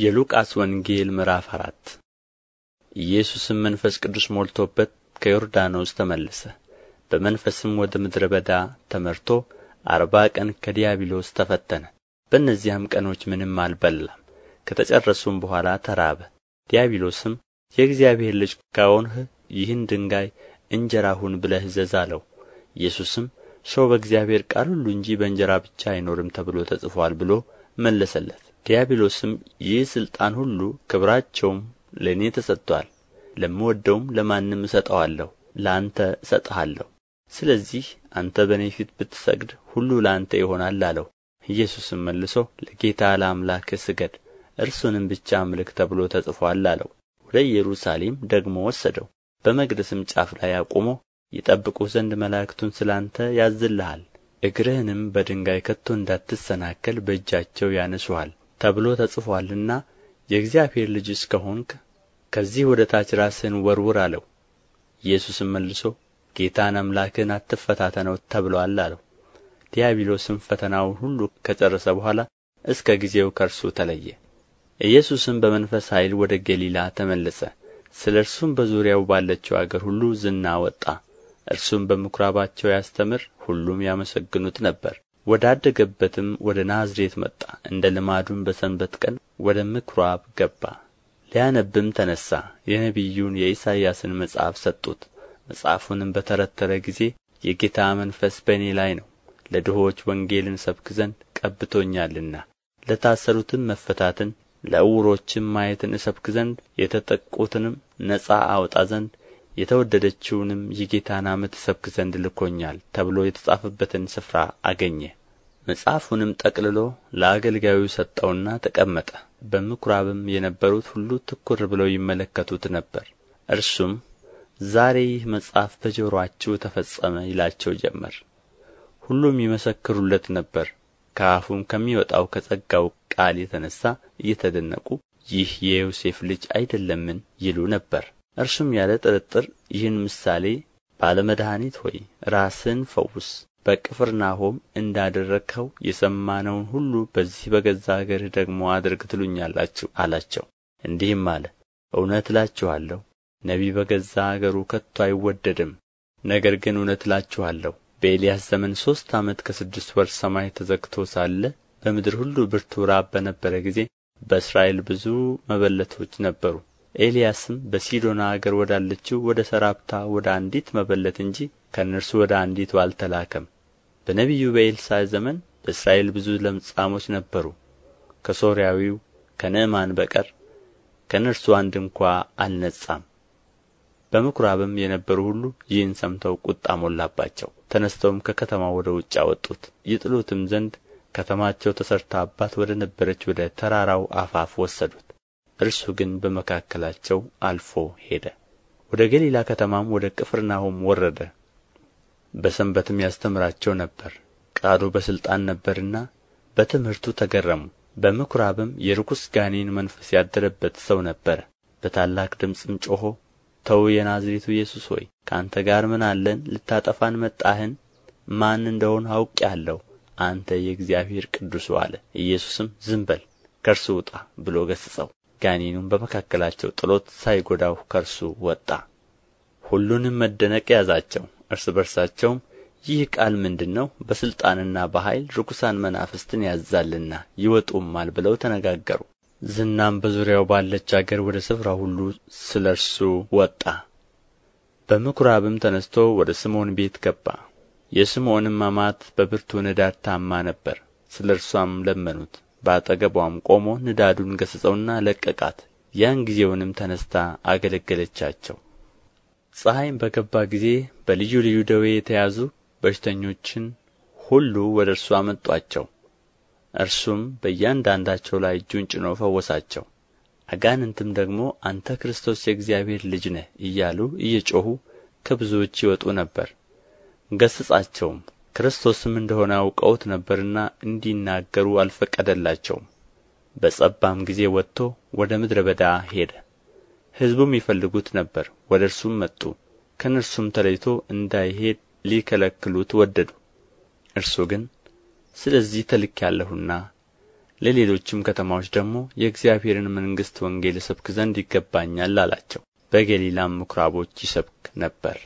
የሉቃስ ወንጌል ምዕራፍ አራት ኢየሱስም መንፈስ ቅዱስ ሞልቶበት ከዮርዳኖስ ተመለሰ። በመንፈስም ወደ ምድረ በዳ ተመርቶ አርባ ቀን ከዲያብሎስ ተፈተነ። በእነዚያም ቀኖች ምንም አልበላም። ከተጨረሱም በኋላ ተራበ። ዲያብሎስም የእግዚአብሔር ልጅ ከሆንህ ይህን ድንጋይ እንጀራ ሁን ብለህ እዘዝ አለው። ኢየሱስም ሰው በእግዚአብሔር ቃል ሁሉ እንጂ በእንጀራ ብቻ አይኖርም ተብሎ ተጽፏል ብሎ መለሰለት። ዲያብሎስም ይህ ሥልጣን ሁሉ ክብራቸውም ለእኔ ተሰጥቶአል ለምወደውም ለማንም እሰጠዋለሁ ለአንተ እሰጥሃለሁ ስለዚህ አንተ በእኔ ፊት ብትሰግድ ሁሉ ለአንተ ይሆናል አለው ኢየሱስም መልሶ ለጌታ ለአምላክህ ስገድ እርሱንም ብቻ አምልክ ተብሎ ተጽፎአል አለው ወደ ኢየሩሳሌም ደግሞ ወሰደው በመቅደስም ጫፍ ላይ አቁሞ ይጠብቁህ ዘንድ መላእክቱን ስለ አንተ ያዝልሃል እግርህንም በድንጋይ ከቶ እንዳትሰናከል በእጃቸው ያነሱሃል ተብሎ ተጽፎአልና የእግዚአብሔር ልጅስ ከሆንህ ከዚህ ወደ ታች ራስህን ወርውር አለው። ኢየሱስም መልሶ ጌታን አምላክህን አትፈታተነው ተብሎአል አለው። ዲያብሎስም ፈተናውን ሁሉ ከጨረሰ በኋላ እስከ ጊዜው ከእርሱ ተለየ። ኢየሱስም በመንፈስ ኃይል ወደ ገሊላ ተመለሰ። ስለ እርሱም በዙሪያው ባለችው አገር ሁሉ ዝና ወጣ። እርሱም በምኵራባቸው ያስተምር፣ ሁሉም ያመሰግኑት ነበር። ወዳደገበትም ወደ ናዝሬት መጣ እንደ ልማዱም በሰንበት ቀን ወደ ምኵራብ ገባ ሊያነብም ተነሣ የነቢዩን የኢሳይያስን መጽሐፍ ሰጡት መጽሐፉንም በተረተረ ጊዜ የጌታ መንፈስ በእኔ ላይ ነው ለድሆች ወንጌልን ሰብክ ዘንድ ቀብቶኛልና ለታሰሩትም መፈታትን ለዕውሮችም ማየትን እሰብክ ዘንድ የተጠቁትንም ነጻ አወጣ ዘንድ የተወደደችውንም የጌታን ዓመት እሰብክ ዘንድ ልኮኛል ተብሎ የተጻፈበትን ስፍራ አገኘ መጽሐፉንም ጠቅልሎ ለአገልጋዩ ሰጠውና ተቀመጠ። በምኵራብም የነበሩት ሁሉ ትኩር ብለው ይመለከቱት ነበር። እርሱም ዛሬ ይህ መጽሐፍ በጆሮአችሁ ተፈጸመ ይላቸው ጀመር። ሁሉም ይመሰክሩለት ነበር። ከአፉም ከሚወጣው ከጸጋው ቃል የተነሳ እየተደነቁ ይህ የዮሴፍ ልጅ አይደለምን ይሉ ነበር። እርሱም ያለ ጥርጥር ይህን ምሳሌ ባለመድኃኒት ሆይ ራስህን ፈውስ በቅፍርናሆም እንዳደረግኸው የሰማነውን ሁሉ በዚህ በገዛ አገርህ ደግሞ አድርግ ትሉኛላችሁ አላቸው እንዲህም አለ እውነት እላችኋለሁ ነቢይ በገዛ አገሩ ከቶ አይወደድም ነገር ግን እውነት እላችኋለሁ በኤልያስ ዘመን ሦስት ዓመት ከስድስት ወር ሰማይ ተዘግቶ ሳለ በምድር ሁሉ ብርቱ ራብ በነበረ ጊዜ በእስራኤል ብዙ መበለቶች ነበሩ። ኤልያስም በሲዶና አገር ወዳለችው ወደ ሰራብታ ወደ አንዲት መበለት እንጂ ከእነርሱ ወደ አንዲቱ አልተላከም። በነቢዩ በኤልሳ ዘመን በእስራኤል ብዙ ለምጻሞች ነበሩ ከሶርያዊው ከንዕማን በቀር ከእነርሱ አንድ እንኳ አልነጻም። በምኵራብም የነበሩ ሁሉ ይህን ሰምተው ቁጣ ሞላባቸው። ተነስተውም ከከተማው ወደ ውጭ አወጡት። ይጥሉትም ዘንድ ከተማቸው ተሠርታባት ወደ ነበረች ወደ ተራራው አፋፍ ወሰዱት። እርሱ ግን በመካከላቸው አልፎ ሄደ። ወደ ገሊላ ከተማም ወደ ቅፍርናሆም ወረደ። በሰንበትም ያስተምራቸው ነበር ቃሉ በሥልጣን ነበርና በትምህርቱ ተገረሙ። በምኵራብም የርኩስ ጋኔን መንፈስ ያደረበት ሰው ነበረ። በታላቅ ድምፅም ጮኾ ተው የናዝሬቱ ኢየሱስ ሆይ ከአንተ ጋር ምን አለን? ልታጠፋን መጣህን? ማን እንደሆን አውቄአለሁ። አንተ የእግዚአብሔር ቅዱሱ አለ። ኢየሱስም ዝም በል ከእርሱ ውጣ ብሎ ገሥጸው፣ ጋኔኑም በመካከላቸው ጥሎት ሳይጎዳው ከእርሱ ወጣ። ሁሉንም መደነቅ ያዛቸው። እርስ በርሳቸውም ይህ ቃል ምንድን ነው በሥልጣንና በኃይል ርኩሳን መናፍስትን ያዛልና ይወጡማል ብለው ተነጋገሩ ዝናም በዙሪያው ባለች አገር ወደ ስፍራው ሁሉ ስለ እርሱ ወጣ በምኵራብም ተነስቶ ወደ ስምዖን ቤት ገባ የስምዖንም አማት በብርቱ ንዳድ ታማ ነበር ስለ እርሷም ለመኑት በአጠገቧም ቆሞ ንዳዱን ገሠጸውና ለቀቃት ያን ጊዜውንም ተነስታ አገለገለቻቸው ፀሐይም በገባ ጊዜ በልዩ ልዩ ደዌ የተያዙ በሽተኞችን ሁሉ ወደ እርሱ አመጡአቸው እርሱም በእያንዳንዳቸው ላይ እጁን ጭኖ ፈወሳቸው። አጋንንትም ደግሞ አንተ ክርስቶስ የእግዚአብሔር ልጅ ነህ እያሉ እየጮኹ ከብዙዎች ይወጡ ነበር። ገሥጻቸውም፣ ክርስቶስም እንደሆነ አውቀውት ነበርና እንዲናገሩ አልፈቀደላቸውም። በጸባም ጊዜ ወጥቶ ወደ ምድረ በዳ ሄደ። ሕዝቡም ይፈልጉት ነበር ወደ እርሱም መጡ ከእነርሱም ተለይቶ እንዳይሄድ ሊከለክሉት ወደዱ እርሱ ግን ስለዚህ ተልኬአለሁና ለሌሎችም ከተማዎች ደግሞ የእግዚአብሔርን መንግሥት ወንጌል እሰብክ ዘንድ ይገባኛል አላቸው በገሊላም ምኵራቦች ይሰብክ ነበር